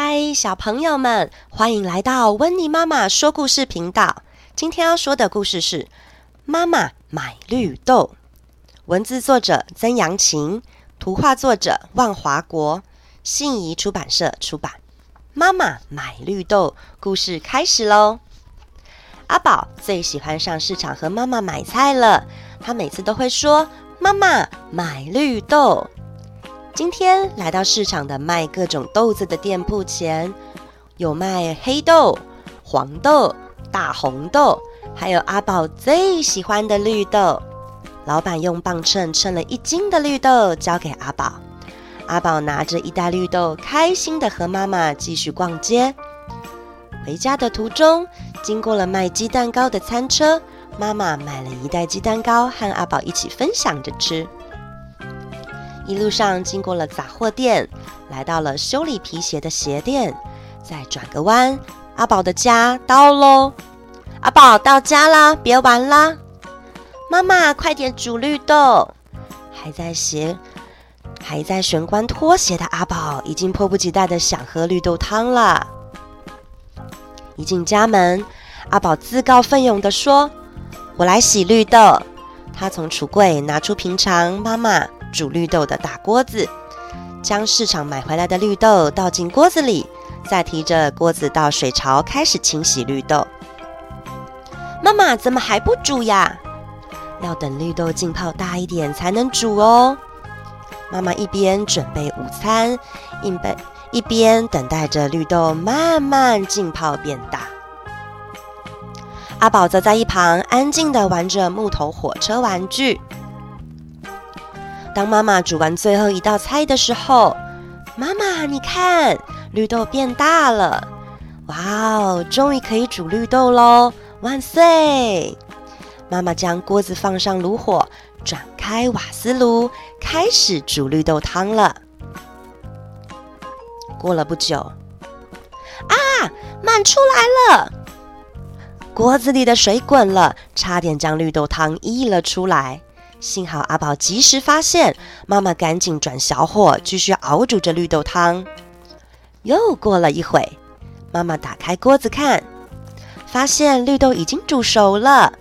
嗨，小朋友們，歡迎來到溫妮媽媽說故事頻道。今天要說的故事是《媽媽買綠豆》，文字作者曾陽晴，圖畫作者萬華國，信誼出版社出版。媽媽買綠豆，故事開始嘍。阿寶最喜歡上市場和媽媽買菜了，他每次都會說：“媽媽買綠豆。”今天來到市場的賣各種豆子的店鋪前，有賣黑豆、黃豆、大紅豆，還有阿寶最喜歡的綠豆。老闆用磅秤稱了一斤的綠豆，交給阿寶。阿寶拿着一袋綠豆，開心地和媽媽繼續逛街。回家的途中，經過了賣雞蛋糕的餐車，媽媽買了一袋雞蛋糕，和阿寶一起分享着吃。一路上經過了雜貨店，來到了修理皮鞋的鞋店，再轉個彎，阿寶的家到嘍。阿寶到家啦，別玩啦！媽媽快點煮綠豆。還在鞋還在玄關脫鞋的阿寶，已經迫不及待的想喝綠豆湯了。一進家門，阿寶自告奮勇地說：“我來洗綠豆。”他從櫥櫃拿出平常媽媽煮綠豆的大鍋子，將市場買回來的綠豆倒進鍋子裡，再提着鍋子到水槽開始清洗綠豆。媽媽怎麼還不煮呀？要等綠豆浸泡大一點才能煮哦。媽媽一邊準備午餐，一邊一邊等待着綠豆慢慢浸泡變大。阿寶則在一旁安靜地玩着木頭火車玩具。當媽媽煮完最後一道菜的時候，媽媽，你看綠豆變大了！哇哦，終於可以煮綠豆嘍，萬歲！媽媽將鍋子放上爐火，轉開瓦斯爐，開始煮綠豆湯了。過了不久，啊，滿出來了！鍋子裡的水滾了，差點將綠豆湯溢了出來。幸好阿寶及時發現，媽媽趕緊轉小火，繼續熬煮着綠豆湯。又過了一會，媽媽打開鍋子看，發現綠豆已經煮熟了。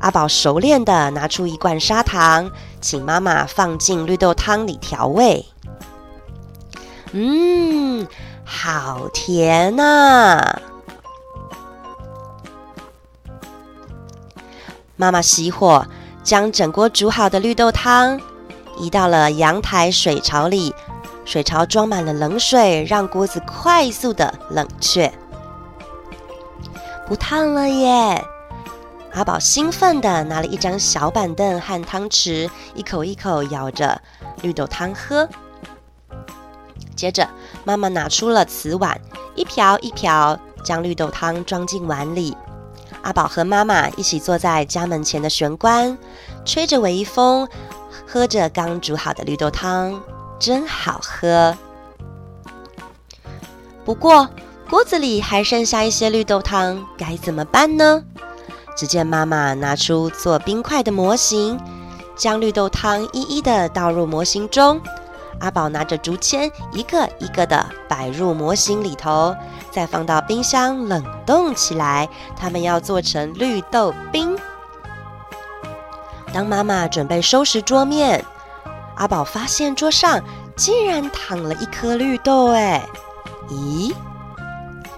阿寶熟練地拿出一罐砂糖，請媽媽放進綠豆湯裡調味。嗯，好甜吶！媽媽熄火。將整鍋煮好的綠豆湯移到了陽台水槽裡，水槽裝滿了冷水，讓鍋子快速的冷卻，不燙了耶！阿寶興奮的拿了一張小板凳和湯匙，一口一口舀着綠豆湯喝。接着，媽媽拿出了瓷碗，一瓢一瓢將綠豆湯裝進碗裡。阿寶和媽媽一起坐在家門前的玄關，吹着微風，喝着剛煮好的綠豆湯，真好喝。不過鍋子裡還剩下一些綠豆湯，該怎麼辦呢？只見媽媽拿出做冰塊的模型，將綠豆湯一一的倒入模型中。阿寶拿着竹籤，一個一個的擺入模型裡頭。再放到冰箱冷凍起來，他們要做成綠豆冰。當媽媽準備收拾桌面，阿寶發現桌上竟然躺了一顆綠豆，哎，咦，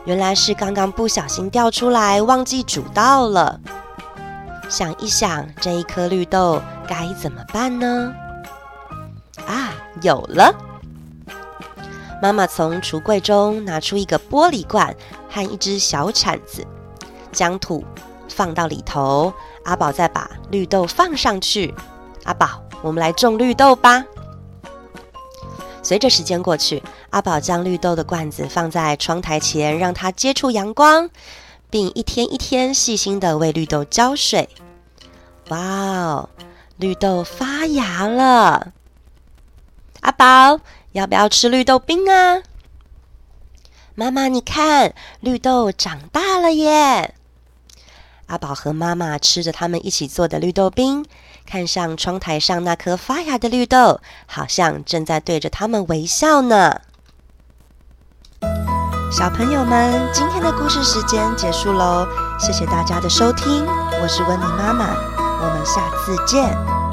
原來是剛剛不小心掉出來，忘記煮到了。想一想，這一顆綠豆該怎麼辦呢？啊，有了！媽媽從櫥櫃中拿出一個玻璃罐和一隻小鏟子，將土放到裡頭。阿寶再把綠豆放上去。阿寶，我們來種綠豆吧。隨着時間過去，阿寶將綠豆的罐子放在窗台前，讓它接觸陽光，並一天一天細心地為綠豆澆水。哇哦，綠豆發芽了！阿寶。要不要吃綠豆冰啊？媽媽，你看，綠豆長大了耶！阿寶和媽媽吃着他們一起做的綠豆冰，看上窗台上那顆發芽的綠豆，好像正在對着他們微笑呢。小朋友們，今天的故事時間結束嘍，謝謝大家的收聽，我是溫妮媽媽，我們下次見。